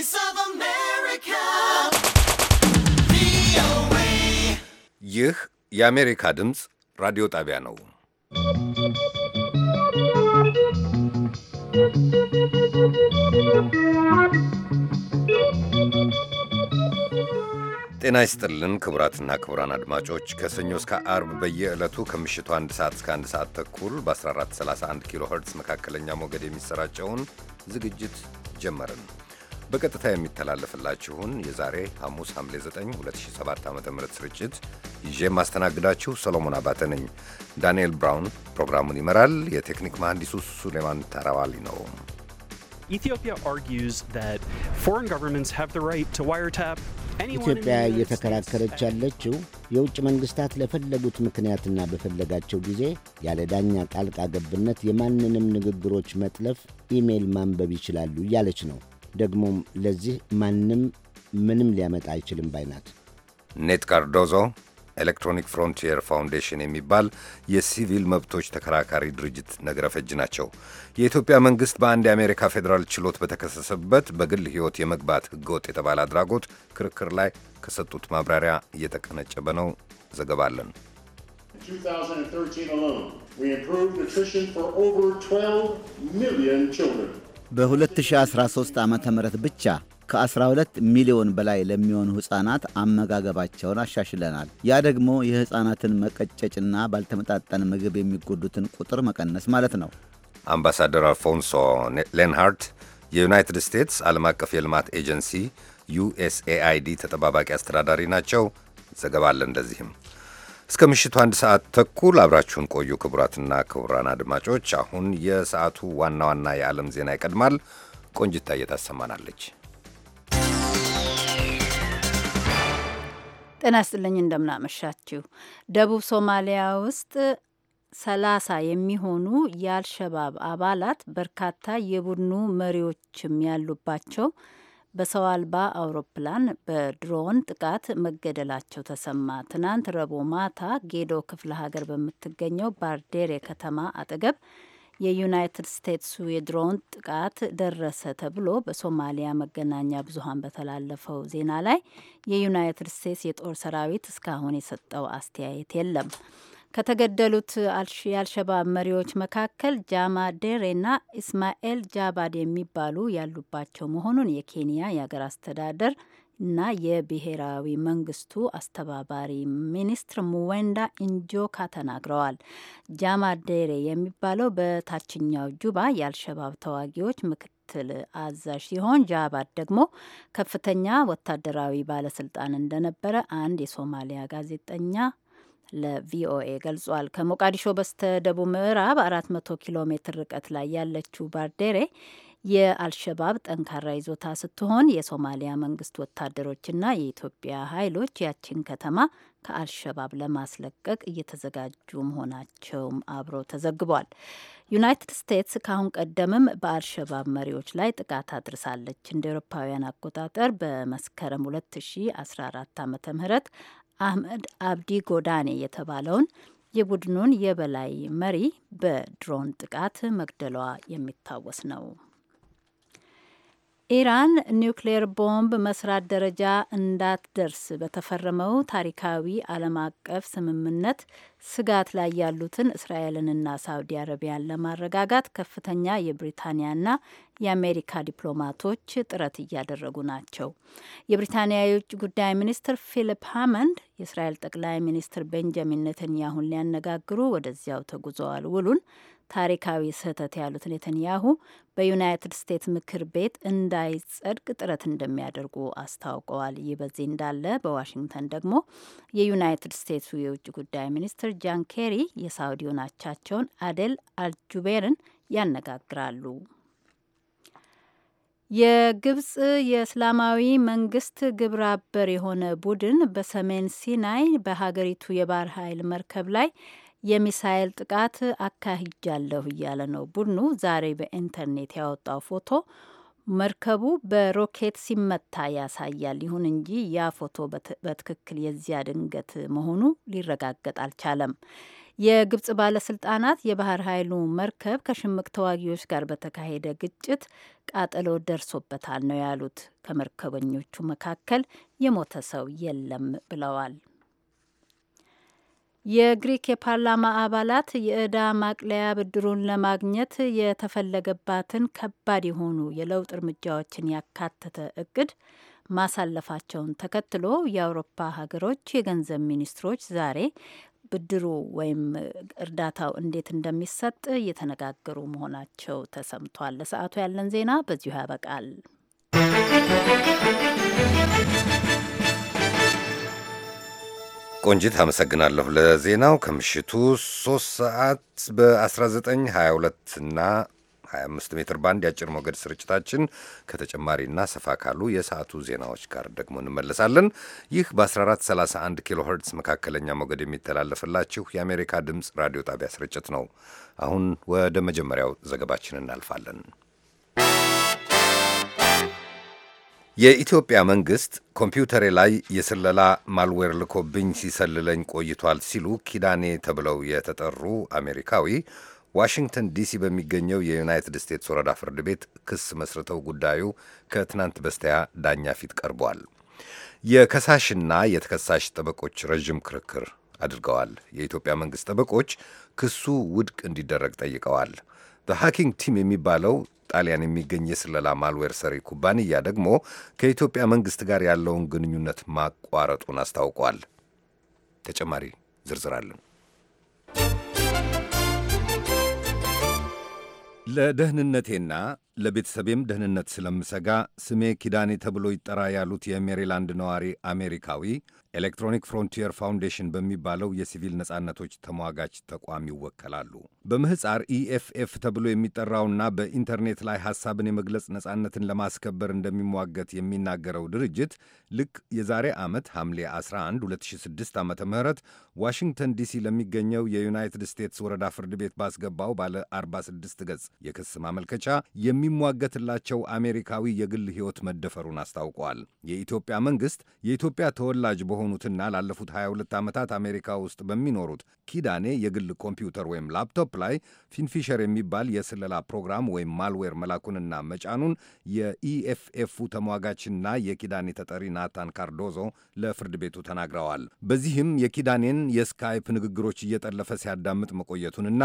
Voice of America. ይህ የአሜሪካ ድምፅ ራዲዮ ጣቢያ ነው። ጤና ይስጥልን ክቡራትና ክቡራን አድማጮች ከሰኞ እስከ አርብ በየዕለቱ ከምሽቱ አንድ ሰዓት እስከ አንድ ሰዓት ተኩል በ1431 ኪሎ ኸርትዝ መካከለኛ ሞገድ የሚሰራጨውን ዝግጅት ጀመርን። በቀጥታ የሚተላለፍላችሁን የዛሬ ሐሙስ ሐምሌ 9 2007 ዓ ም ስርጭት ይዤ የማስተናግዳችሁ ሰሎሞን አባተ ነኝ። ዳንኤል ብራውን ፕሮግራሙን ይመራል። የቴክኒክ መሐንዲሱ ሱሌማን ተራዋሊ ነው። ኢትዮጵያ እየተከራከረች ያለችው የውጭ መንግሥታት ለፈለጉት ምክንያትና በፈለጋቸው ጊዜ ያለ ዳኛ ጣልቃ ገብነት የማንንም ንግግሮች መጥለፍ፣ ኢሜይል ማንበብ ይችላሉ እያለች ነው። ደግሞም ለዚህ ማንም ምንም ሊያመጣ አይችልም ባይናት። ኔት ካርዶዞ ኤሌክትሮኒክ ፍሮንቲየር ፋውንዴሽን የሚባል የሲቪል መብቶች ተከራካሪ ድርጅት ነገረፈጅ ናቸው። የኢትዮጵያ መንግሥት በአንድ የአሜሪካ ፌዴራል ችሎት በተከሰሰበት በግል ሕይወት የመግባት ሕገወጥ የተባለ አድራጎት ክርክር ላይ ከሰጡት ማብራሪያ እየተቀነጨበ ነው። በ2013 ዓ ም ብቻ ከ12 ሚሊዮን በላይ ለሚሆኑ ሕፃናት አመጋገባቸውን አሻሽለናል። ያ ደግሞ የሕፃናትን መቀጨጭና ባልተመጣጠን ምግብ የሚጎዱትን ቁጥር መቀነስ ማለት ነው። አምባሳደር አልፎንሶ ሌንሃርት የዩናይትድ ስቴትስ ዓለም አቀፍ የልማት ኤጀንሲ ዩኤስኤአይዲ ተጠባባቂ አስተዳዳሪ ናቸው። ዘገባ አለን እስከ ምሽቱ አንድ ሰዓት ተኩል አብራችሁን ቆዩ። ክቡራትና ክቡራን አድማጮች አሁን የሰዓቱ ዋና ዋና የዓለም ዜና ይቀድማል። ቆንጅታ እየታሰማናለች። ጤና ይስጥልኝ፣ እንደምናመሻችሁ። ደቡብ ሶማሊያ ውስጥ ሰላሳ የሚሆኑ የአልሸባብ አባላት በርካታ የቡድኑ መሪዎችም ያሉባቸው በሰው አልባ አውሮፕላን በድሮን ጥቃት መገደላቸው ተሰማ። ትናንት ረቡዕ ማታ ጌዶ ክፍለ ሀገር በምትገኘው ባርዴሬ ከተማ አጠገብ የዩናይትድ ስቴትሱ የድሮን ጥቃት ደረሰ ተብሎ በሶማሊያ መገናኛ ብዙኃን በተላለፈው ዜና ላይ የዩናይትድ ስቴትስ የጦር ሰራዊት እስካሁን የሰጠው አስተያየት የለም። ከተገደሉት የአልሸባብ መሪዎች መካከል ጃማ ዴሬና ኢስማኤል ጃባድ የሚባሉ ያሉባቸው መሆኑን የኬንያ የሀገር አስተዳደር እና የብሔራዊ መንግስቱ አስተባባሪ ሚኒስትር ሙዌንዳ ኢንጆካ ተናግረዋል። ጃማ ዴሬ የሚባለው በታችኛው ጁባ የአልሸባብ ተዋጊዎች ምክትል አዛዥ ሲሆን ጃባድ ደግሞ ከፍተኛ ወታደራዊ ባለስልጣን እንደነበረ አንድ የሶማሊያ ጋዜጠኛ ለቪኦኤ ገልጿል። ከሞቃዲሾ በስተ ደቡብ ምዕራብ 400 ኪሎ ሜትር ርቀት ላይ ያለችው ባርዴሬ የአልሸባብ ጠንካራ ይዞታ ስትሆን የሶማሊያ መንግስት ወታደሮችና የኢትዮጵያ ኃይሎች ያችን ከተማ ከአልሸባብ ለማስለቀቅ እየተዘጋጁ መሆናቸውም አብሮ ተዘግቧል። ዩናይትድ ስቴትስ ከአሁን ቀደምም በአልሸባብ መሪዎች ላይ ጥቃት አድርሳለች። እንደ ኤሮፓውያን አቆጣጠር በመስከረም 2014 ዓ ም አህመድ አብዲ ጎዳኔ የተባለውን የቡድኑን የበላይ መሪ በድሮን ጥቃት መግደሏ የሚታወስ ነው። ኢራን ኒውክሌር ቦምብ መስራት ደረጃ እንዳትደርስ በተፈረመው ታሪካዊ ዓለም አቀፍ ስምምነት ስጋት ላይ ያሉትን እስራኤልንና ሳውዲ አረቢያን ለማረጋጋት ከፍተኛ የብሪታንያና የአሜሪካ ዲፕሎማቶች ጥረት እያደረጉ ናቸው። የብሪታንያ የውጭ ጉዳይ ሚኒስትር ፊሊፕ ሃመንድ የእስራኤል ጠቅላይ ሚኒስትር ቤንጃሚን ኔተንያሁን ሊያነጋግሩ ወደዚያው ተጉዘዋል። ውሉን ታሪካዊ ስህተት ያሉት ኔተንያሁ በዩናይትድ ስቴትስ ምክር ቤት እንዳይጸድቅ ጥረት እንደሚያደርጉ አስታውቀዋል። ይህ በዚህ እንዳለ በዋሽንግተን ደግሞ የዩናይትድ ስቴትሱ የውጭ ጉዳይ ሚኒስትር ጃን ኬሪ የሳውዲውን ናቻቸውን አደል አልጁቤርን ያነጋግራሉ። የግብጽ የእስላማዊ መንግስት ግብረ አበር የሆነ ቡድን በሰሜን ሲናይ በሀገሪቱ የባህር ኃይል መርከብ ላይ የሚሳኤል ጥቃት አካሂጃለሁ እያለ ነው። ቡድኑ ዛሬ በኢንተርኔት ያወጣው ፎቶ መርከቡ በሮኬት ሲመታ ያሳያል። ይሁን እንጂ ያ ፎቶ በትክክል የዚያ ድንገት መሆኑ ሊረጋገጥ አልቻለም። የግብጽ ባለስልጣናት የባህር ኃይሉ መርከብ ከሽምቅ ተዋጊዎች ጋር በተካሄደ ግጭት ቃጠሎ ደርሶበታል ነው ያሉት። ከመርከበኞቹ መካከል የሞተ ሰው የለም ብለዋል። የግሪክ የፓርላማ አባላት የእዳ ማቅለያ ብድሩን ለማግኘት የተፈለገባትን ከባድ የሆኑ የለውጥ እርምጃዎችን ያካተተ እቅድ ማሳለፋቸውን ተከትሎ የአውሮፓ ሀገሮች የገንዘብ ሚኒስትሮች ዛሬ ብድሩ ወይም እርዳታው እንዴት እንደሚሰጥ እየተነጋገሩ መሆናቸው ተሰምቷል። ለሰዓቱ ያለን ዜና በዚሁ ያበቃል። ቆንጂት አመሰግናለሁ ለዜናው። ከምሽቱ 3 ሰዓት በ1922 እና 25 ሜትር ባንድ የአጭር ሞገድ ስርጭታችን ከተጨማሪና ሰፋ ካሉ የሰዓቱ ዜናዎች ጋር ደግሞ እንመለሳለን። ይህ በ1431 ኪሎ ሄርትስ መካከለኛ ሞገድ የሚተላለፍላችሁ የአሜሪካ ድምፅ ራዲዮ ጣቢያ ስርጭት ነው። አሁን ወደ መጀመሪያው ዘገባችን እናልፋለን። የኢትዮጵያ መንግሥት ኮምፒውተሬ ላይ የስለላ ማልዌር ልኮብኝ ሲሰልለኝ ቆይቷል ሲሉ ኪዳኔ ተብለው የተጠሩ አሜሪካዊ ዋሽንግተን ዲሲ በሚገኘው የዩናይትድ ስቴትስ ወረዳ ፍርድ ቤት ክስ መስርተው ጉዳዩ ከትናንት በስቲያ ዳኛ ፊት ቀርቧል። የከሳሽና የተከሳሽ ጠበቆች ረዥም ክርክር አድርገዋል። የኢትዮጵያ መንግሥት ጠበቆች ክሱ ውድቅ እንዲደረግ ጠይቀዋል። በሃኪንግ ቲም የሚባለው ጣሊያን የሚገኝ የስለላ ማልዌር ሰሪ ኩባንያ ደግሞ ከኢትዮጵያ መንግስት ጋር ያለውን ግንኙነት ማቋረጡን አስታውቋል። ተጨማሪ ዝርዝር አለን። ለደህንነቴና ለቤተሰቤም ደህንነት ስለምሰጋ ስሜ ኪዳኔ ተብሎ ይጠራ ያሉት የሜሪላንድ ነዋሪ አሜሪካዊ ኤሌክትሮኒክ ፍሮንቲየር ፋውንዴሽን በሚባለው የሲቪል ነጻነቶች ተሟጋች ተቋም ይወከላሉ። በምህፃር ኢኤፍኤፍ e ተብሎ የሚጠራውና በኢንተርኔት ላይ ሐሳብን የመግለጽ ነጻነትን ለማስከበር እንደሚሟገት የሚናገረው ድርጅት ልክ የዛሬ ዓመት ሐምሌ 11 2006 ዓ ም ዋሽንግተን ዲሲ ለሚገኘው የዩናይትድ ስቴትስ ወረዳ ፍርድ ቤት ባስገባው ባለ 46 ገጽ የክስ ማመልከቻ የሚሟገትላቸው አሜሪካዊ የግል ሕይወት መደፈሩን አስታውቀዋል። የኢትዮጵያ መንግሥት የኢትዮጵያ ተወላጅ በሆኑትና ላለፉት 22 ዓመታት አሜሪካ ውስጥ በሚኖሩት ኪዳኔ የግል ኮምፒውተር ወይም ላፕቶፕ ላይ ፊንፊሸር የሚባል የስለላ ፕሮግራም ወይም ማልዌር መላኩንና መጫኑን የኢኤፍኤፉ ተሟጋችና የኪዳኔ ተጠሪ ናታን ካርዶዞ ለፍርድ ቤቱ ተናግረዋል። በዚህም የኪዳኔን የስካይፕ ንግግሮች እየጠለፈ ሲያዳምጥ መቆየቱንና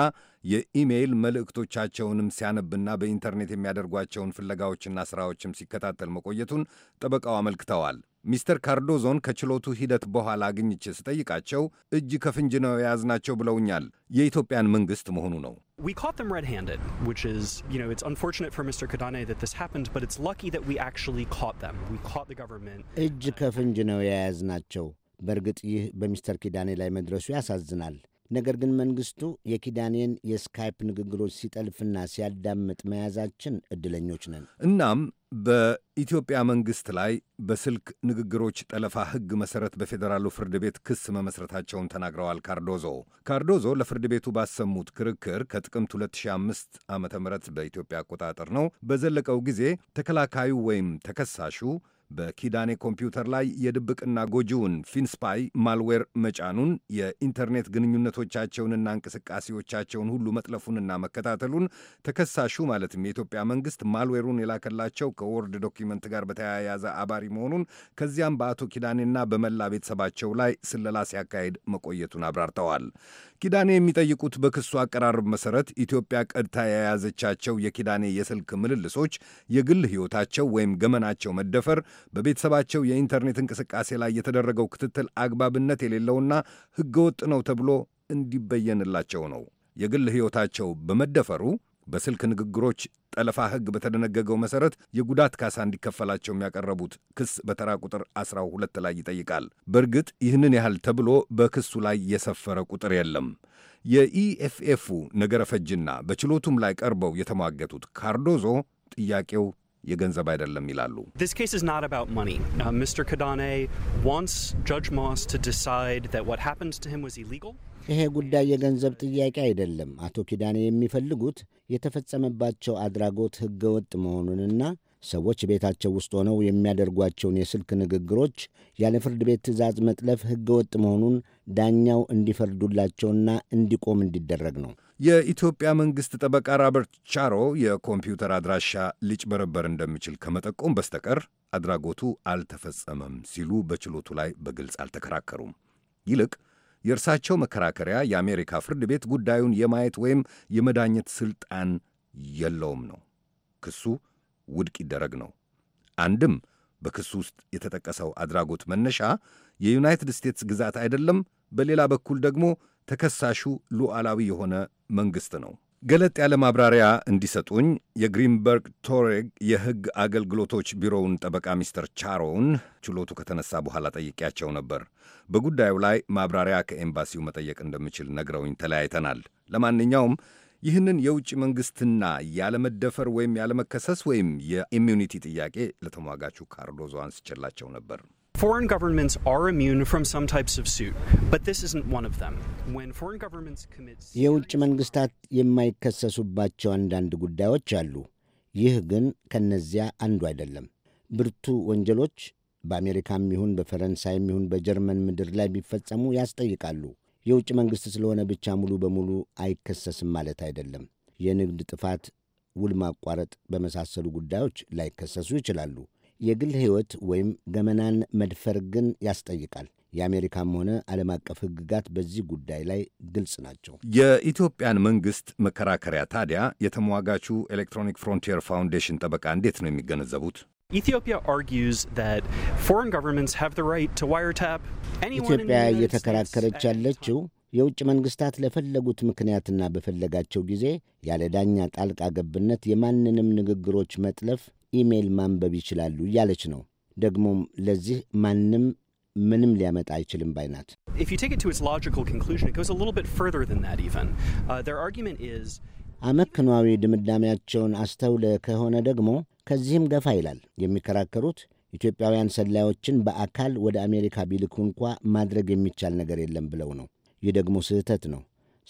የኢሜይል መልእክቶቻቸውንም ሲያነብና በኢንተርኔት የሚያደርጓቸውን ፍለጋዎችና ስራዎችም ሲከታተል መቆየቱን ጠበቃው አመልክተዋል። ሚስተር ካርዶዞን ከችሎቱ ሂደት በኋላ አግኝቼ ስጠይቃቸው እጅ ከፍንጅ ነው የያዝናቸው ብለውኛል። የኢትዮጵያን መንግሥት መሆኑ ነው። እጅ ከፍንጅ ነው የያዝናቸው። በእርግጥ ይህ በሚስተር ኪዳኔ ላይ መድረሱ ያሳዝናል። ነገር ግን መንግሥቱ የኪዳኔን የስካይፕ ንግግሮች ሲጠልፍና ሲያዳምጥ መያዛችን ዕድለኞች ነን። እናም በኢትዮጵያ መንግሥት ላይ በስልክ ንግግሮች ጠለፋ ሕግ መሠረት በፌዴራሉ ፍርድ ቤት ክስ መመስረታቸውን ተናግረዋል ካርዶዞ። ካርዶዞ ለፍርድ ቤቱ ባሰሙት ክርክር ከጥቅምት 2005 ዓ ም በኢትዮጵያ አቆጣጠር ነው በዘለቀው ጊዜ ተከላካዩ ወይም ተከሳሹ በኪዳኔ ኮምፒውተር ላይ የድብቅና ጎጂውን ፊንስፓይ ማልዌር መጫኑን የኢንተርኔት ግንኙነቶቻቸውንና እንቅስቃሴዎቻቸውን ሁሉ መጥለፉንና መከታተሉን ተከሳሹ ማለትም የኢትዮጵያ መንግስት ማልዌሩን የላከላቸው ከወርድ ዶኪመንት ጋር በተያያዘ አባሪ መሆኑን ከዚያም በአቶ ኪዳኔና በመላ ቤተሰባቸው ላይ ስለላ ሲያካሄድ መቆየቱን አብራርተዋል። ኪዳኔ የሚጠይቁት በክሱ አቀራረብ መሠረት ኢትዮጵያ ቀድታ የያዘቻቸው የኪዳኔ የስልክ ምልልሶች፣ የግል ሕይወታቸው ወይም ገመናቸው መደፈር፣ በቤተሰባቸው የኢንተርኔት እንቅስቃሴ ላይ የተደረገው ክትትል አግባብነት የሌለውና ሕገወጥ ነው ተብሎ እንዲበየንላቸው ነው። የግል ሕይወታቸው በመደፈሩ በስልክ ንግግሮች ጠለፋ ሕግ በተደነገገው መሠረት የጉዳት ካሳ እንዲከፈላቸው የሚያቀረቡት ክስ በተራ ቁጥር 12 ላይ ይጠይቃል። በእርግጥ ይህንን ያህል ተብሎ በክሱ ላይ የሰፈረ ቁጥር የለም። የኢኤፍኤፉ ነገረ ፈጅና በችሎቱም ላይ ቀርበው የተሟገቱት ካርዶዞ ጥያቄው የገንዘብ አይደለም ይላሉ። ይሄ ጉዳይ የገንዘብ ጥያቄ አይደለም። አቶ ኪዳኔ የሚፈልጉት የተፈጸመባቸው አድራጎት ህገወጥ መሆኑንና ሰዎች ቤታቸው ውስጥ ሆነው የሚያደርጓቸውን የስልክ ንግግሮች ያለ ፍርድ ቤት ትዕዛዝ መጥለፍ ወጥ መሆኑን ዳኛው እንዲፈርዱላቸውና እንዲቆም እንዲደረግ ነው። የኢትዮጵያ መንግሥት ጠበቃ ራበርት ቻሮ የኮምፒውተር አድራሻ ሊጭበረበር እንደሚችል ከመጠቆም በስተቀር አድራጎቱ አልተፈጸመም ሲሉ በችሎቱ ላይ በግልጽ አልተከራከሩም። ይልቅ የእርሳቸው መከራከሪያ የአሜሪካ ፍርድ ቤት ጉዳዩን የማየት ወይም የመዳኘት ሥልጣን የለውም ነው። ክሱ ውድቅ ይደረግ ነው። አንድም በክሱ ውስጥ የተጠቀሰው አድራጎት መነሻ የዩናይትድ ስቴትስ ግዛት አይደለም፣ በሌላ በኩል ደግሞ ተከሳሹ ሉዓላዊ የሆነ መንግሥት ነው። ገለጥ ያለ ማብራሪያ እንዲሰጡኝ የግሪንበርግ ቶሬግ የሕግ አገልግሎቶች ቢሮውን ጠበቃ ሚስተር ቻሮውን ችሎቱ ከተነሳ በኋላ ጠይቄያቸው ነበር። በጉዳዩ ላይ ማብራሪያ ከኤምባሲው መጠየቅ እንደምችል ነግረውኝ ተለያይተናል። ለማንኛውም ይህንን የውጭ መንግሥትና ያለመደፈር ወይም ያለመከሰስ ወይም የኢሚዩኒቲ ጥያቄ ለተሟጋቹ ካርዶዞ አንስቼላቸው ነበር። foreign governments are immune from some types of suit, but this isn't one of them. When foreign governments commit የውጭ መንግስታት የማይከሰሱባቸው አንዳንድ ጉዳዮች አሉ። ይህ ግን ከነዚያ አንዱ አይደለም። ብርቱ ወንጀሎች በአሜሪካም ይሁን በፈረንሳይም ይሁን በጀርመን ምድር ላይ ቢፈጸሙ ያስጠይቃሉ። የውጭ መንግሥት ስለሆነ ብቻ ሙሉ በሙሉ አይከሰስም ማለት አይደለም። የንግድ ጥፋት፣ ውል ማቋረጥ በመሳሰሉ ጉዳዮች ላይከሰሱ ይችላሉ። የግል ሕይወት ወይም ገመናን መድፈር ግን ያስጠይቃል። የአሜሪካም ሆነ ዓለም አቀፍ ሕግጋት በዚህ ጉዳይ ላይ ግልጽ ናቸው። የኢትዮጵያን መንግሥት መከራከሪያ ታዲያ የተሟጋቹ ኤሌክትሮኒክ ፍሮንቲየር ፋውንዴሽን ጠበቃ እንዴት ነው የሚገነዘቡት? ኢትዮጵያ እየተከራከረች ያለችው የውጭ መንግሥታት ለፈለጉት ምክንያትና በፈለጋቸው ጊዜ ያለ ዳኛ ጣልቃ ገብነት የማንንም ንግግሮች መጥለፍ ኢሜይል ማንበብ ይችላሉ እያለች ነው። ደግሞም ለዚህ ማንም ምንም ሊያመጣ አይችልም ባይ uh, አመክኗዊ ድምዳሜያቸውን አስተውለ ከሆነ ደግሞ ከዚህም ገፋ ይላል። የሚከራከሩት ኢትዮጵያውያን ሰላዮችን በአካል ወደ አሜሪካ ቢልኩ እንኳ ማድረግ የሚቻል ነገር የለም ብለው ነው። ይህ ደግሞ ስህተት ነው።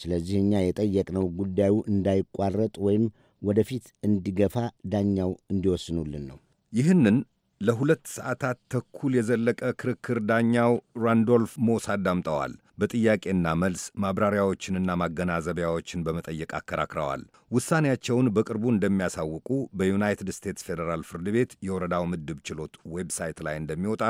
ስለዚህ እኛ የጠየቅነው ጉዳዩ እንዳይቋረጥ ወይም ወደፊት እንዲገፋ ዳኛው እንዲወስኑልን ነው። ይህንን ለሁለት ሰዓታት ተኩል የዘለቀ ክርክር ዳኛው ራንዶልፍ ሞስ አዳምጠዋል። በጥያቄና መልስ ማብራሪያዎችንና ማገናዘቢያዎችን በመጠየቅ አከራክረዋል። ውሳኔያቸውን በቅርቡ እንደሚያሳውቁ በዩናይትድ ስቴትስ ፌዴራል ፍርድ ቤት የወረዳው ምድብ ችሎት ዌብሳይት ላይ እንደሚወጣ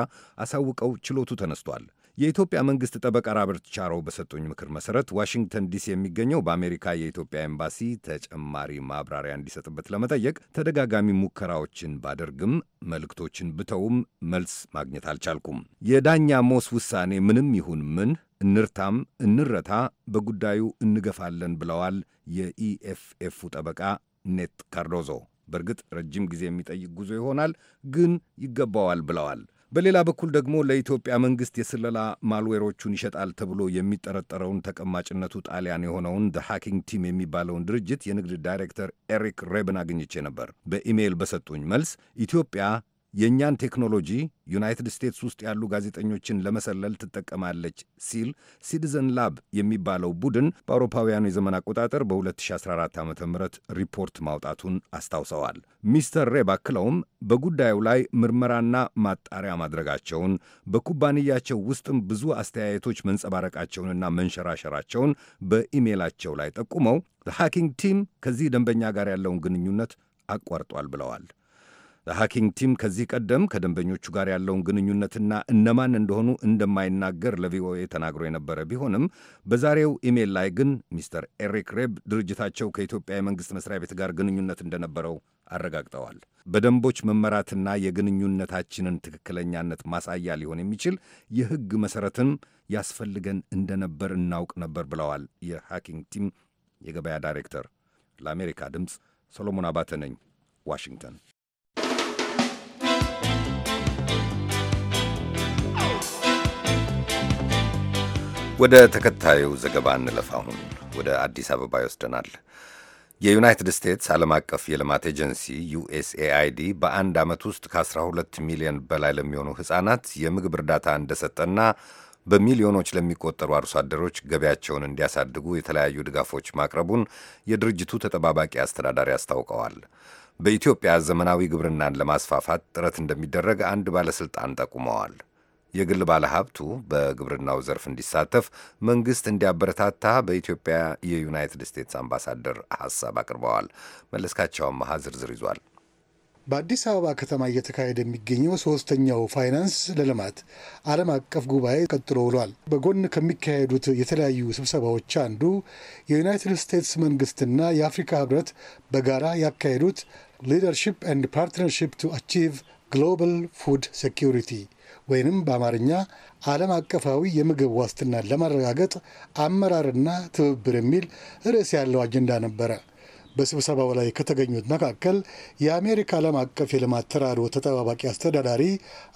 አሳውቀው ችሎቱ ተነስቷል። የኢትዮጵያ መንግሥት ጠበቃ ራበርት ቻሮ በሰጡኝ ምክር መሠረት ዋሽንግተን ዲሲ የሚገኘው በአሜሪካ የኢትዮጵያ ኤምባሲ ተጨማሪ ማብራሪያ እንዲሰጥበት ለመጠየቅ ተደጋጋሚ ሙከራዎችን ባደርግም መልእክቶችን ብተውም መልስ ማግኘት አልቻልኩም። የዳኛ ሞስ ውሳኔ ምንም ይሁን ምን እንርታም እንረታ በጉዳዩ እንገፋለን ብለዋል የኢኤፍኤፉ ጠበቃ ኔት ካርዶዞ። በእርግጥ ረጅም ጊዜ የሚጠይቅ ጉዞ ይሆናል፣ ግን ይገባዋል ብለዋል። በሌላ በኩል ደግሞ ለኢትዮጵያ መንግሥት የስለላ ማልዌሮቹን ይሸጣል ተብሎ የሚጠረጠረውን ተቀማጭነቱ ጣሊያን የሆነውን ደ ሃኪንግ ቲም የሚባለውን ድርጅት የንግድ ዳይሬክተር ኤሪክ ሬብን አግኝቼ ነበር። በኢሜይል በሰጡኝ መልስ ኢትዮጵያ የእኛን ቴክኖሎጂ ዩናይትድ ስቴትስ ውስጥ ያሉ ጋዜጠኞችን ለመሰለል ትጠቀማለች ሲል ሲቲዘን ላብ የሚባለው ቡድን በአውሮፓውያኑ የዘመን አቆጣጠር በ2014 ዓ ም ሪፖርት ማውጣቱን አስታውሰዋል። ሚስተር ሬብ አክለውም በጉዳዩ ላይ ምርመራና ማጣሪያ ማድረጋቸውን በኩባንያቸው ውስጥም ብዙ አስተያየቶች መንጸባረቃቸውንና መንሸራሸራቸውን በኢሜላቸው ላይ ጠቁመው ሃኪንግ ቲም ከዚህ ደንበኛ ጋር ያለውን ግንኙነት አቋርጧል ብለዋል። ለሀኪንግ ቲም ከዚህ ቀደም ከደንበኞቹ ጋር ያለውን ግንኙነትና እነማን እንደሆኑ እንደማይናገር ለቪኦኤ ተናግሮ የነበረ ቢሆንም በዛሬው ኢሜይል ላይ ግን ሚስተር ኤሪክ ሬብ ድርጅታቸው ከኢትዮጵያ የመንግሥት መስሪያ ቤት ጋር ግንኙነት እንደነበረው አረጋግጠዋል። በደንቦች መመራትና የግንኙነታችንን ትክክለኛነት ማሳያ ሊሆን የሚችል የሕግ መሠረትን ያስፈልገን እንደነበር እናውቅ ነበር ብለዋል የሃኪንግ ቲም የገበያ ዳይሬክተር። ለአሜሪካ ድምፅ ሰሎሞን አባተ ነኝ ዋሽንግተን። ወደ ተከታዩ ዘገባ እንለፍ። አሁን ወደ አዲስ አበባ ይወስደናል። የዩናይትድ ስቴትስ ዓለም አቀፍ የልማት ኤጀንሲ ዩኤስኤአይዲ በአንድ ዓመት ውስጥ ከ12 ሚሊዮን በላይ ለሚሆኑ ሕፃናት የምግብ እርዳታ እንደሰጠና በሚሊዮኖች ለሚቆጠሩ አርሶ አደሮች ገበያቸውን እንዲያሳድጉ የተለያዩ ድጋፎች ማቅረቡን የድርጅቱ ተጠባባቂ አስተዳዳሪ አስታውቀዋል። በኢትዮጵያ ዘመናዊ ግብርናን ለማስፋፋት ጥረት እንደሚደረግ አንድ ባለሥልጣን ጠቁመዋል። የግል ባለሀብቱ በግብርናው ዘርፍ እንዲሳተፍ መንግስት እንዲያበረታታ በኢትዮጵያ የዩናይትድ ስቴትስ አምባሳደር ሀሳብ አቅርበዋል። መለስካቸው አመሃ ዝርዝር ይዟል። በአዲስ አበባ ከተማ እየተካሄደ የሚገኘው ሶስተኛው ፋይናንስ ለልማት ዓለም አቀፍ ጉባኤ ቀጥሎ ውሏል። በጎን ከሚካሄዱት የተለያዩ ስብሰባዎች አንዱ የዩናይትድ ስቴትስ መንግስትና የአፍሪካ ህብረት በጋራ ያካሄዱት ሊደርሺፕ ኤንድ ፓርትነርሺፕ ቱ አቺቭ ግሎባል ፉድ ሴኪሪቲ ወይንም በአማርኛ ዓለም አቀፋዊ የምግብ ዋስትናን ለማረጋገጥ አመራርና ትብብር የሚል ርዕስ ያለው አጀንዳ ነበረ። በስብሰባው ላይ ከተገኙት መካከል የአሜሪካ ዓለም አቀፍ የልማት ተራድኦ ተጠባባቂ አስተዳዳሪ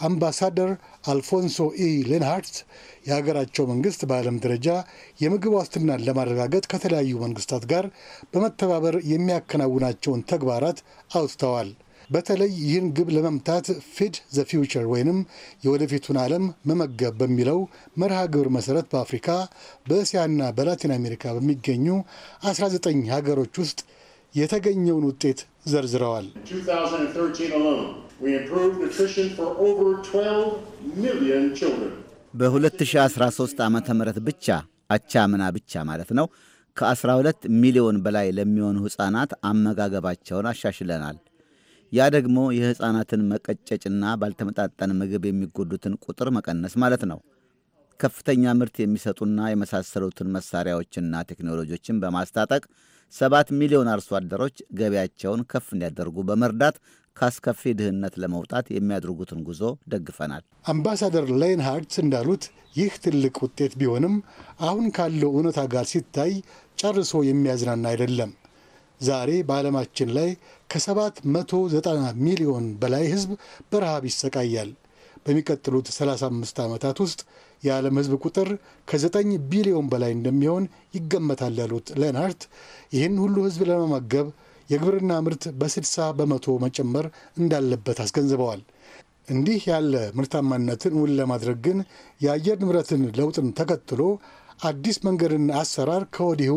አምባሳደር አልፎንሶ ኢ ሌንሃርት የሀገራቸው መንግስት በዓለም ደረጃ የምግብ ዋስትናን ለማረጋገጥ ከተለያዩ መንግስታት ጋር በመተባበር የሚያከናውናቸውን ተግባራት አውጥተዋል። በተለይ ይህን ግብ ለመምታት ፊድ ዘ ፊውቸር ወይንም የወደፊቱን ዓለም መመገብ በሚለው መርሃ ግብር መሰረት በአፍሪካ በእስያና በላቲን አሜሪካ በሚገኙ 19 ሀገሮች ውስጥ የተገኘውን ውጤት ዘርዝረዋል። በ2013 ዓ ም ብቻ አቻምና ብቻ ማለት ነው ከ12 ሚሊዮን በላይ ለሚሆኑ ሕፃናት አመጋገባቸውን አሻሽለናል። ያ ደግሞ የሕፃናትን መቀጨጭና ባልተመጣጠን ምግብ የሚጎዱትን ቁጥር መቀነስ ማለት ነው። ከፍተኛ ምርት የሚሰጡና የመሳሰሉትን መሳሪያዎችና ቴክኖሎጂዎችን በማስታጠቅ ሰባት ሚሊዮን አርሶ አደሮች ገቢያቸውን ከፍ እንዲያደርጉ በመርዳት ካስከፊ ድህነት ለመውጣት የሚያደርጉትን ጉዞ ደግፈናል። አምባሳደር ላይንሃርት እንዳሉት ይህ ትልቅ ውጤት ቢሆንም አሁን ካለው እውነታ ጋር ሲታይ ጨርሶ የሚያዝናና አይደለም። ዛሬ በዓለማችን ላይ ከ790 ሚሊዮን በላይ ህዝብ በረሃብ ይሰቃያል። በሚቀጥሉት 35 ዓመታት ውስጥ የዓለም ህዝብ ቁጥር ከ9 ቢሊዮን በላይ እንደሚሆን ይገመታል ያሉት ሌናርት ይህን ሁሉ ህዝብ ለመመገብ የግብርና ምርት በ60 በመቶ መጨመር እንዳለበት አስገንዝበዋል። እንዲህ ያለ ምርታማነትን እውን ለማድረግ ግን የአየር ንብረትን ለውጥን ተከትሎ አዲስ መንገድና አሰራር ከወዲሁ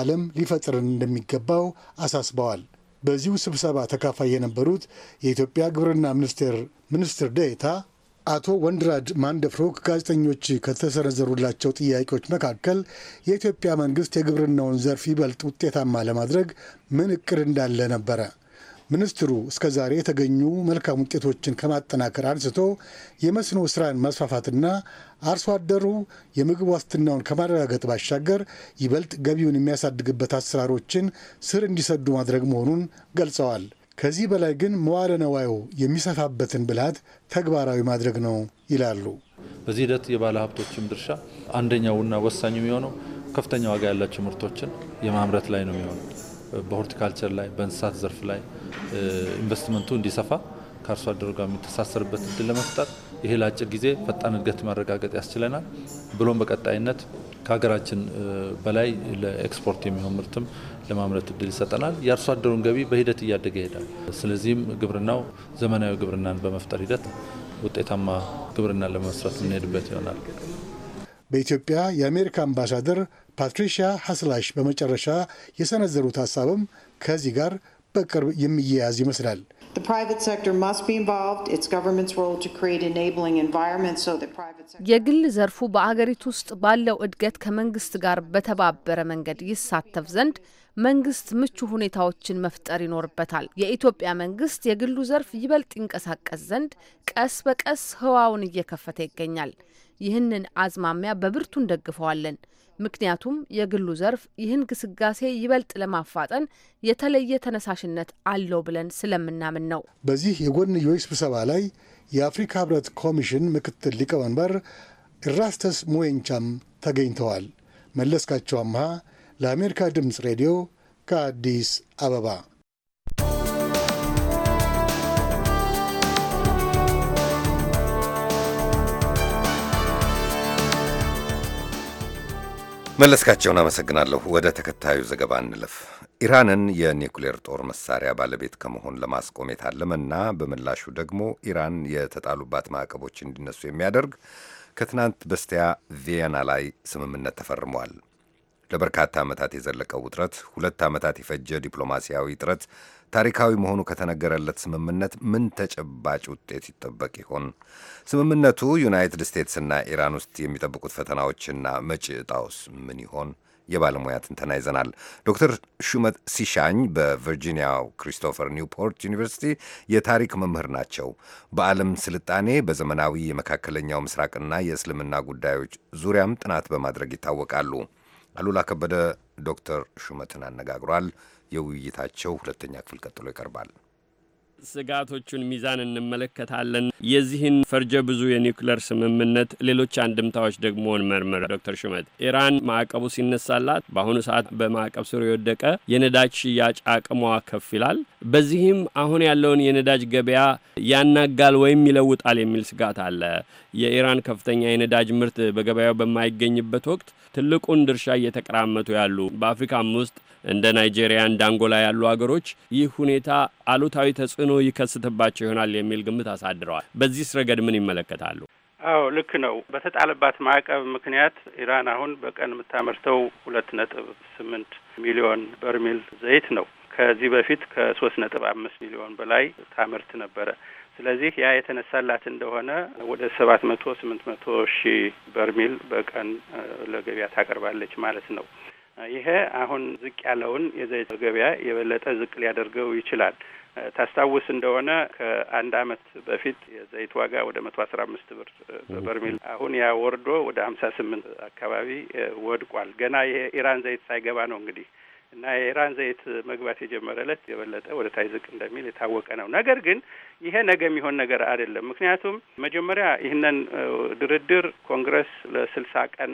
ዓለም ሊፈጥርን እንደሚገባው አሳስበዋል። በዚሁ ስብሰባ ተካፋይ የነበሩት የኢትዮጵያ ግብርና ሚኒስቴር ሚኒስትር ዴኤታ አቶ ወንድራድ ማንደፍሮ ከጋዜጠኞች ከተሰነዘሩላቸው ጥያቄዎች መካከል የኢትዮጵያ መንግስት የግብርናውን ዘርፍ ይበልጥ ውጤታማ ለማድረግ ምን እቅድ እንዳለ ነበረ። ሚኒስትሩ እስከዛሬ የተገኙ መልካም ውጤቶችን ከማጠናከር አንስቶ የመስኖ ስራን ማስፋፋትና አርሶ አደሩ የምግብ ዋስትናውን ከማረጋገጥ ባሻገር ይበልጥ ገቢውን የሚያሳድግበት አሰራሮችን ስር እንዲሰዱ ማድረግ መሆኑን ገልጸዋል። ከዚህ በላይ ግን መዋለ ነዋዩ የሚሰፋበትን ብልሃት ተግባራዊ ማድረግ ነው ይላሉ። በዚህ ሂደት የባለ ሀብቶችም ድርሻ አንደኛውና ወሳኙ የሚሆነው ከፍተኛ ዋጋ ያላቸው ምርቶችን የማምረት ላይ ነው የሚሆነው። በሆርቲካልቸር ላይ፣ በእንስሳት ዘርፍ ላይ ኢንቨስትመንቱ እንዲሰፋ ከአርሶ አደሩ ጋር የሚተሳሰርበት እድል ለመፍጠር ይሄ ለአጭር ጊዜ ፈጣን እድገት ማረጋገጥ ያስችለናል። ብሎም በቀጣይነት ከሀገራችን በላይ ለኤክስፖርት የሚሆን ምርትም ለማምረት እድል ይሰጠናል። የአርሶ አደሩን ገቢ በሂደት እያደገ ይሄዳል። ስለዚህም ግብርናው ዘመናዊ ግብርናን በመፍጠር ሂደት ውጤታማ ግብርናን ለመስራት የምንሄድበት ይሆናል። በኢትዮጵያ የአሜሪካ አምባሳደር ፓትሪሺያ ሀስላሽ በመጨረሻ የሰነዘሩት ሀሳብም ከዚህ ጋር በቅርብ የሚያያዝ ይመስላል። የግል ዘርፉ በአገሪቱ ውስጥ ባለው እድገት ከመንግስት ጋር በተባበረ መንገድ ይሳተፍ ዘንድ መንግስት ምቹ ሁኔታዎችን መፍጠር ይኖርበታል። የኢትዮጵያ መንግስት የግሉ ዘርፍ ይበልጥ ይንቀሳቀስ ዘንድ ቀስ በቀስ ህዋውን እየከፈተ ይገኛል። ይህንን አዝማሚያ በብርቱ እንደግፈዋለን። ምክንያቱም የግሉ ዘርፍ ይህን ግስጋሴ ይበልጥ ለማፋጠን የተለየ ተነሳሽነት አለው ብለን ስለምናምን ነው። በዚህ የጎንዮሽ ስብሰባ ላይ የአፍሪካ ህብረት ኮሚሽን ምክትል ሊቀመንበር ኢራስተስ ሙዌንቻም ተገኝተዋል። መለስካቸው አምሃ ለአሜሪካ ድምፅ ሬዲዮ ከአዲስ አበባ መለስካቸውን አመሰግናለሁ። ወደ ተከታዩ ዘገባ እንለፍ። ኢራንን የኒውክሌር ጦር መሳሪያ ባለቤት ከመሆን ለማስቆም የታለመና በምላሹ ደግሞ ኢራን የተጣሉባት ማዕቀቦች እንዲነሱ የሚያደርግ ከትናንት በስቲያ ቪየና ላይ ስምምነት ተፈርሟል። ለበርካታ ዓመታት የዘለቀው ውጥረት፣ ሁለት ዓመታት የፈጀ ዲፕሎማሲያዊ ጥረት ታሪካዊ መሆኑ ከተነገረለት ስምምነት ምን ተጨባጭ ውጤት ይጠበቅ ይሆን? ስምምነቱ ዩናይትድ ስቴትስና ኢራን ውስጥ የሚጠብቁት ፈተናዎችና መጪ ዕጣውስ ምን ይሆን? የባለሙያ ትንተና ይዘናል። ዶክተር ሹመት ሲሻኝ በቨርጂኒያው ክሪስቶፈር ኒውፖርት ዩኒቨርሲቲ የታሪክ መምህር ናቸው። በዓለም ስልጣኔ በዘመናዊ የመካከለኛው ምስራቅና የእስልምና ጉዳዮች ዙሪያም ጥናት በማድረግ ይታወቃሉ። አሉላ ከበደ ዶክተር ሹመትን አነጋግሯል። የውይይታቸው ሁለተኛ ክፍል ቀጥሎ ይቀርባል። ስጋቶቹን ሚዛን እንመለከታለን። የዚህን ፈርጀ ብዙ የኒውክለር ስምምነት ሌሎች አንድምታዎች ደግሞ እንመርምር። ዶክተር ሹመት ኢራን ማዕቀቡ ሲነሳላት በአሁኑ ሰዓት በማዕቀብ ስር የወደቀ የነዳጅ ሽያጭ አቅሟ ከፍ ይላል። በዚህም አሁን ያለውን የነዳጅ ገበያ ያናጋል ወይም ይለውጣል የሚል ስጋት አለ። የኢራን ከፍተኛ የነዳጅ ምርት በገበያው በማይገኝበት ወቅት ትልቁን ድርሻ እየተቀራመቱ ያሉ በአፍሪካም ውስጥ እንደ ናይጄሪያ፣ እንደ አንጎላ ያሉ አገሮች ይህ ሁኔታ አሉታዊ ተጽዕኖ ይከስትባቸው ይሆናል የሚል ግምት አሳድረዋል። በዚህ ረገድ ምን ይመለከታሉ? አዎ ልክ ነው። በተጣለባት ማዕቀብ ምክንያት ኢራን አሁን በቀን የምታመርተው ሁለት ነጥብ ስምንት ሚሊዮን በርሜል ዘይት ነው። ከዚህ በፊት ከሶስት ነጥብ አምስት ሚሊዮን በላይ ታመርት ነበረ። ስለዚህ ያ የተነሳላት እንደሆነ ወደ ሰባት መቶ ስምንት መቶ ሺህ በርሜል በቀን ለገበያ ታቀርባለች ማለት ነው። ይሄ አሁን ዝቅ ያለውን የዘይት ገበያ የበለጠ ዝቅ ሊያደርገው ይችላል። ታስታውስ እንደሆነ ከአንድ አመት በፊት የዘይት ዋጋ ወደ መቶ አስራ አምስት ብር በበርሜል አሁን ያ ወርዶ ወደ ሀምሳ ስምንት አካባቢ ወድቋል። ገና ይሄ ኢራን ዘይት ሳይገባ ነው እንግዲህ እና የኢራን ዘይት መግባት የጀመረለት የበለጠ ወደ ታች ዝቅ እንደሚል የታወቀ ነው። ነገር ግን ይሄ ነገ የሚሆን ነገር አይደለም። ምክንያቱም መጀመሪያ ይህንን ድርድር ኮንግረስ ለስልሳ ቀን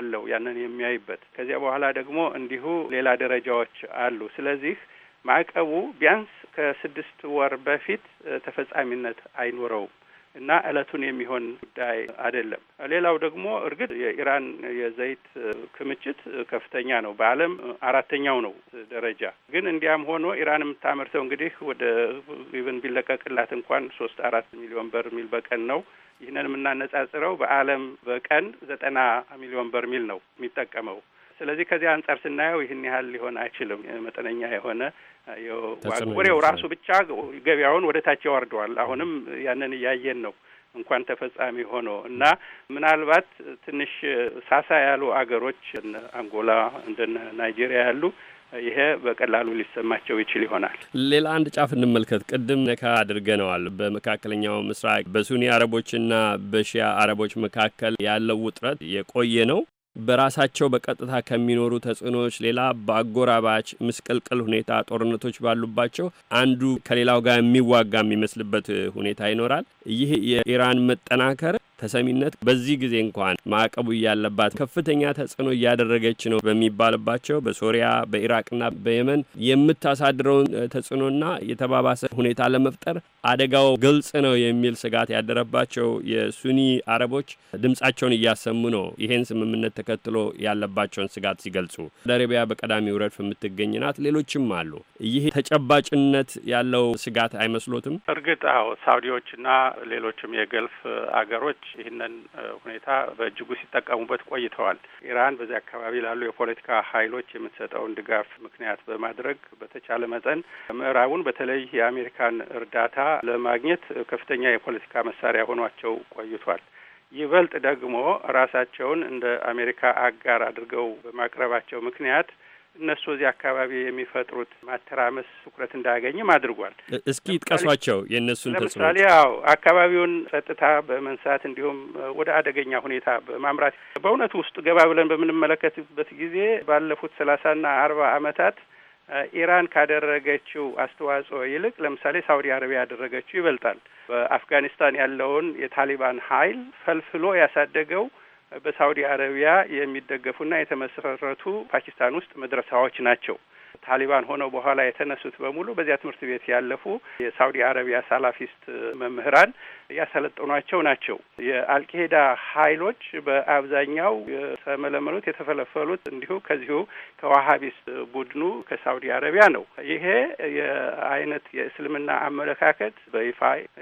አለው ያንን የሚያይበት። ከዚያ በኋላ ደግሞ እንዲሁ ሌላ ደረጃዎች አሉ። ስለዚህ ማዕቀቡ ቢያንስ ከስድስት ወር በፊት ተፈጻሚነት አይኖረውም። እና እለቱን የሚሆን ጉዳይ አይደለም። ሌላው ደግሞ እርግጥ የኢራን የዘይት ክምችት ከፍተኛ ነው። በዓለም አራተኛው ነው ደረጃ። ግን እንዲያም ሆኖ ኢራን የምታመርተው እንግዲህ ወደ ኢቨን ቢለቀቅላት እንኳን ሶስት አራት ሚሊዮን በርሚል በቀን ነው። ይህንን የምናነጻጽረው በዓለም በቀን ዘጠና ሚሊዮን በርሚል ነው የሚጠቀመው ስለዚህ ከዚህ አንጻር ስናየው ይህን ያህል ሊሆን አይችልም። መጠነኛ የሆነ ወሬው ራሱ ብቻ ገበያውን ወደ ታች ያወርደዋል። አሁንም ያንን እያየን ነው እንኳን ተፈጻሚ ሆኖ እና ምናልባት ትንሽ ሳሳ ያሉ አገሮች እነ አንጎላ እንደነ ናይጄሪያ ያሉ ይሄ በቀላሉ ሊሰማቸው ይችል ይሆናል። ሌላ አንድ ጫፍ እንመልከት። ቅድም ነካ አድርገነዋል። በመካከለኛው ምስራቅ በሱኒ አረቦችና በሺያ አረቦች መካከል ያለው ውጥረት የቆየ ነው። በራሳቸው በቀጥታ ከሚኖሩ ተጽዕኖዎች ሌላ በአጎራባች ምስቅልቅል ሁኔታ ጦርነቶች ባሉባቸው አንዱ ከሌላው ጋር የሚዋጋ የሚመስልበት ሁኔታ ይኖራል። ይህ የኢራን መጠናከር ተሰሚነት በዚህ ጊዜ እንኳን ማዕቀቡ እያለባት ከፍተኛ ተጽዕኖ እያደረገች ነው በሚባልባቸው በሶሪያ በኢራቅና በየመን የምታሳድረውን ተጽዕኖና የተባባሰ ሁኔታ ለመፍጠር አደጋው ግልጽ ነው የሚል ስጋት ያደረባቸው የሱኒ አረቦች ድምጻቸውን እያሰሙ ነው። ይሄን ስምምነት ተከትሎ ያለባቸውን ስጋት ሲገልጹ ሳውዲ አረቢያ በቀዳሚው ረድፍ የምትገኝ ናት። ሌሎችም አሉ። ይህ ተጨባጭነት ያለው ስጋት አይመስሎትም? እርግጥ አዎ፣ ሳውዲዎችና ሌሎችም የገልፍ አገሮች ይህንን ሁኔታ በእጅጉ ሲጠቀሙበት ቆይተዋል። ኢራን በዚህ አካባቢ ላሉ የፖለቲካ ኃይሎች የምትሰጠውን ድጋፍ ምክንያት በማድረግ በተቻለ መጠን ምዕራቡን በተለይ የአሜሪካን እርዳታ ለማግኘት ከፍተኛ የፖለቲካ መሳሪያ ሆኗቸው ቆይቷል። ይበልጥ ደግሞ ራሳቸውን እንደ አሜሪካ አጋር አድርገው በማቅረባቸው ምክንያት እነሱ እዚህ አካባቢ የሚፈጥሩት ማተራመስ ትኩረት እንዳያገኝም አድርጓል። እስኪ ጥቀሷቸው የእነሱን ለምሳሌ ያው አካባቢውን ጸጥታ በመንሳት እንዲሁም ወደ አደገኛ ሁኔታ በማምራት በእውነቱ ውስጥ ገባ ብለን በምንመለከትበት ጊዜ ባለፉት ሰላሳና አርባ ዓመታት ኢራን ካደረገችው አስተዋጽኦ ይልቅ ለምሳሌ ሳውዲ አረቢያ ያደረገችው ይበልጣል። በአፍጋኒስታን ያለውን የታሊባን ኃይል ፈልፍሎ ያሳደገው በሳውዲ አረቢያ የሚደገፉና የተመሰረቱ ፓኪስታን ውስጥ መድረሳዎች ናቸው። ታሊባን ሆነው በኋላ የተነሱት በሙሉ በዚያ ትምህርት ቤት ያለፉ የሳውዲ አረቢያ ሳላፊስት መምህራን ያሰለጠኗቸው ናቸው። የአልቄሄዳ ሀይሎች በአብዛኛው የተመለመሉት የተፈለፈሉት እንዲሁ ከዚሁ ከዋሀቢስ ቡድኑ ከሳውዲ አረቢያ ነው። ይሄ የአይነት የእስልምና አመለካከት በይፋ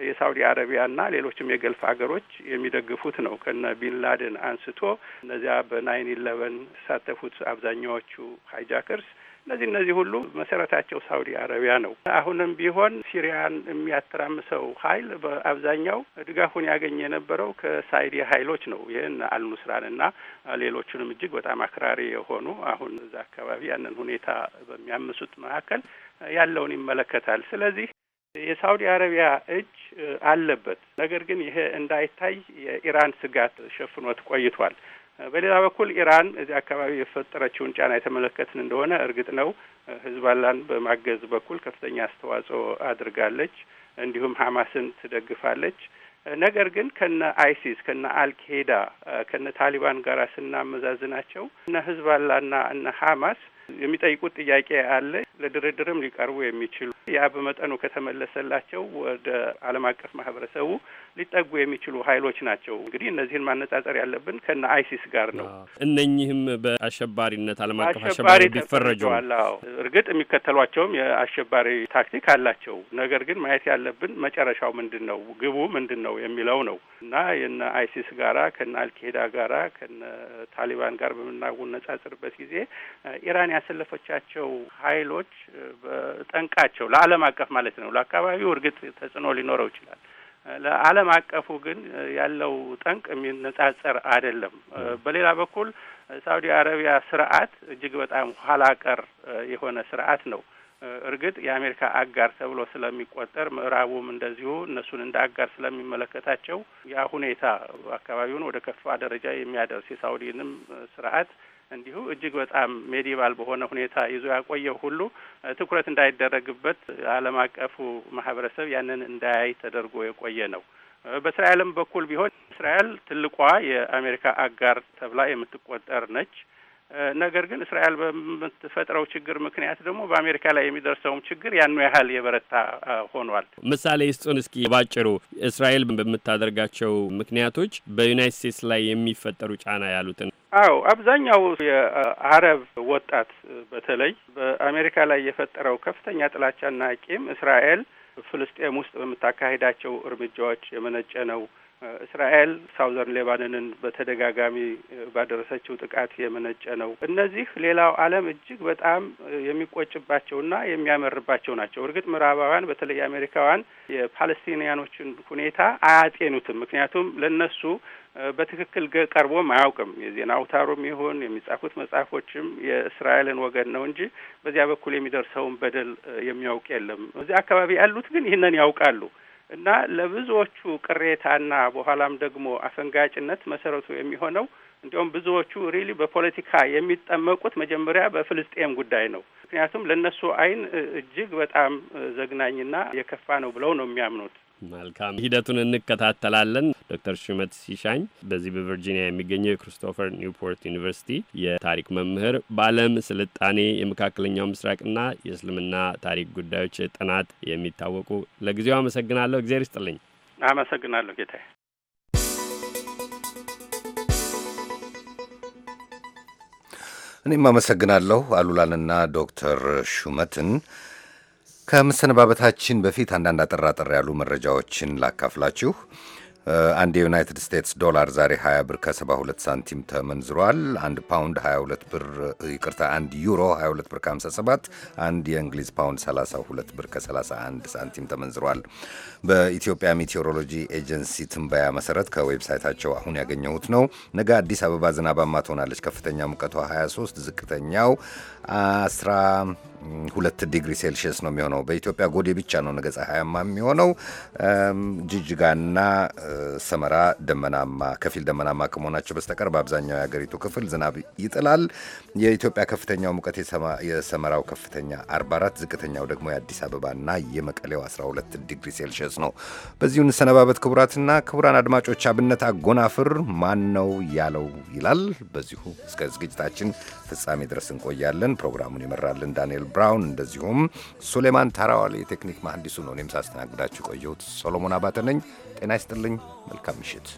የሳውዲ አረቢያና ሌሎችም የገልፍ ሀገሮች የሚደግፉት ነው። ከነ ቢንላደን አንስቶ እነዚያ በናይን ኢለቨን የተሳተፉት አብዛኛዎቹ ሀይጃከርስ እነዚህ እነዚህ ሁሉ መሰረታቸው ሳውዲ አረቢያ ነው። አሁንም ቢሆን ሲሪያን የሚያተራምሰው ሀይል በአብዛኛው ድጋፉን ያገኘ የነበረው ከሳይዲ ሀይሎች ነው። ይህን እና ሌሎቹንም እጅግ በጣም አክራሪ የሆኑ አሁን እዛ አካባቢ ያንን ሁኔታ በሚያምሱት መካከል ያለውን ይመለከታል። ስለዚህ የሳውዲ አረቢያ እጅ አለበት። ነገር ግን ይሄ እንዳይታይ የኢራን ስጋት ሸፍኖት ቆይቷል። በሌላ በኩል ኢራን እዚህ አካባቢ የፈጠረችውን ጫና የተመለከትን እንደሆነ እርግጥ ነው ህዝባላን በማገዝ በኩል ከፍተኛ አስተዋጽኦ አድርጋለች። እንዲሁም ሀማስን ትደግፋለች። ነገር ግን ከነ አይሲስ ከነ አልካይዳ ከነ ታሊባን ጋር ስናመዛዝናቸው እነ ህዝባላና እነ ሀማስ የሚጠይቁት ጥያቄ አለ። ለድርድርም ሊቀርቡ የሚችሉ ያ በመጠኑ ከተመለሰላቸው ወደ ዓለም አቀፍ ማህበረሰቡ ሊጠጉ የሚችሉ ሀይሎች ናቸው። እንግዲህ እነዚህን ማነጻጸር ያለብን ከነ አይሲስ ጋር ነው። እነኚህም በአሸባሪነት ዓለም አቀፍ አሸባሪ ተፈርጀዋል። እርግጥ የሚከተሏቸውም የአሸባሪ ታክቲክ አላቸው። ነገር ግን ማየት ያለብን መጨረሻው ምንድን ነው፣ ግቡ ምንድን ነው የሚለው ነው እና የነ አይሲስ ጋራ ከነ አልኬዳ ጋራ ከነ ታሊባን ጋር በምናነጻጽርበት ጊዜ ኢራን ያሰለፈቻቸው ሀይሎች በጠንቃቸው ለዓለም አቀፍ ማለት ነው። ለአካባቢው እርግጥ ተጽዕኖ ሊኖረው ይችላል። ለዓለም አቀፉ ግን ያለው ጠንቅ የሚነጻጸር አይደለም። በሌላ በኩል ሳውዲ አረቢያ ስርዓት እጅግ በጣም ኋላ ቀር የሆነ ስርዓት ነው። እርግጥ የአሜሪካ አጋር ተብሎ ስለሚቆጠር ምዕራቡም እንደዚሁ እነሱን እንደ አጋር ስለሚመለከታቸው ያ ሁኔታ አካባቢውን ወደ ከፋ ደረጃ የሚያደርስ የሳውዲንም ስርዓት እንዲሁ እጅግ በጣም ሜዲቫል በሆነ ሁኔታ ይዞ ያቆየው ሁሉ ትኩረት እንዳይደረግበት ዓለም አቀፉ ማህበረሰብ ያንን እንዳያይ ተደርጎ የቆየ ነው። በእስራኤልም በኩል ቢሆን እስራኤል ትልቋ የአሜሪካ አጋር ተብላ የምትቆጠር ነች። ነገር ግን እስራኤል በምትፈጥረው ችግር ምክንያት ደግሞ በአሜሪካ ላይ የሚደርሰውም ችግር ያኑ ያህል የበረታ ሆኗል። ምሳሌ ይስጡን እስኪ ባጭሩ። እስራኤል በምታደርጋቸው ምክንያቶች በዩናይት ስቴትስ ላይ የሚፈጠሩ ጫና ያሉትን። አዎ አብዛኛው የአረብ ወጣት በተለይ በአሜሪካ ላይ የፈጠረው ከፍተኛ ጥላቻና ቂም እስራኤል ፍልስጤም ውስጥ በምታካሄዳቸው እርምጃዎች የመነጨ ነው እስራኤል ሳውዘርን ሌባኖንን በተደጋጋሚ ባደረሰችው ጥቃት የመነጨ ነው። እነዚህ ሌላው ዓለም እጅግ በጣም የሚቆጭባቸውና የሚያመርባቸው ናቸው። እርግጥ ምዕራባውያን በተለይ አሜሪካውያን የፓለስቲንያኖችን ሁኔታ አያጤኑትም። ምክንያቱም ለነሱ በትክክል ቀርቦም አያውቅም። የዜና አውታሩም ይሁን የሚጻፉት መጽሐፎችም የእስራኤልን ወገን ነው እንጂ በዚያ በኩል የሚደርሰውን በደል የሚያውቅ የለም። እዚያ አካባቢ ያሉት ግን ይህንን ያውቃሉ። እና ለብዙዎቹ ቅሬታና በኋላም ደግሞ አፈንጋጭነት መሰረቱ የሚሆነው እንዲሁም ብዙዎቹ ሪሊ በፖለቲካ የሚጠመቁት መጀመሪያ በፍልስጤም ጉዳይ ነው። ምክንያቱም ለእነሱ አይን እጅግ በጣም ዘግናኝና የከፋ ነው ብለው ነው የሚያምኑት። መልካም ሂደቱን እንከታተላለን። ዶክተር ሹመት ሲሻኝ በዚህ በቨርጂኒያ የሚገኘው የክሪስቶፈር ኒውፖርት ዩኒቨርሲቲ የታሪክ መምህር በዓለም ስልጣኔ የመካከለኛው ምስራቅና የእስልምና ታሪክ ጉዳዮች ጥናት የሚታወቁ ለጊዜው አመሰግናለሁ። እግዜር ይስጥልኝ። አመሰግናለሁ ጌታ እኔም አመሰግናለሁ አሉላንና ዶክተር ሹመትን ከመሰነባበታችን በፊት አንዳንድ አጠራጠር ያሉ መረጃዎችን ላካፍላችሁ። አንድ የዩናይትድ ስቴትስ ዶላር ዛሬ 20 ብር ከ72 ሳንቲም ተመንዝሯል። አንድ ፓውንድ 22 ብር ይቅርታ፣ አንድ ዩሮ 22 ብር ከ57፣ አንድ የእንግሊዝ ፓውንድ 32 ብር ከ31 ሳንቲም ተመንዝሯል። በኢትዮጵያ ሜቴዎሮሎጂ ኤጀንሲ ትንበያ መሰረት ከዌብሳይታቸው አሁን ያገኘሁት ነው። ነገ አዲስ አበባ ዝናባማ ትሆናለች። ከፍተኛ ሙቀቷ 23፣ ዝቅተኛው አስራ ሁለት ዲግሪ ሴልሽየስ ነው የሚሆነው። በኢትዮጵያ ጎዴ ብቻ ነው ነገ ፀሐያማ የሚሆነው። ጅጅጋና ሰመራ ደመናማ፣ ከፊል ደመናማ ከመሆናቸው በስተቀር በአብዛኛው የአገሪቱ ክፍል ዝናብ ይጥላል። የኢትዮጵያ ከፍተኛው ሙቀት የሰመራው ከፍተኛ 44፣ ዝቅተኛው ደግሞ የአዲስ አበባና የመቀሌው 12 ዲግሪ ሴልሽየስ ነው። በዚሁ እንሰነባበት። ክቡራትና ክቡራን አድማጮች አብነት አጎናፍር ማን ነው ያለው ይላል። በዚሁ እስከ ዝግጅታችን ፍጻሜ ድረስ እንቆያለን። ፕሮግራሙን የመራልን ዳንኤል ብራውን፣ እንደዚሁም ሱሌማን ታራዋል የቴክኒክ መሐንዲሱ ነው። እኔም ሳስተናግዳችሁ ቆየሁት። ሶሎሞን አባተ ነኝ። ጤና ይስጥልኝ። መልካም ምሽት።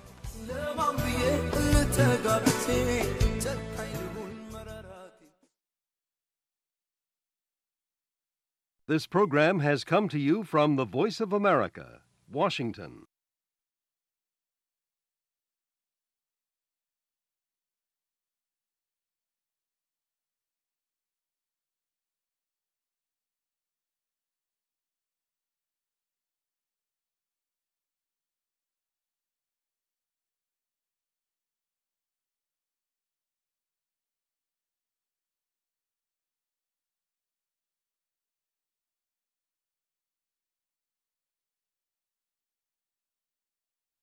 This program has come to you from the Voice of America, Washington.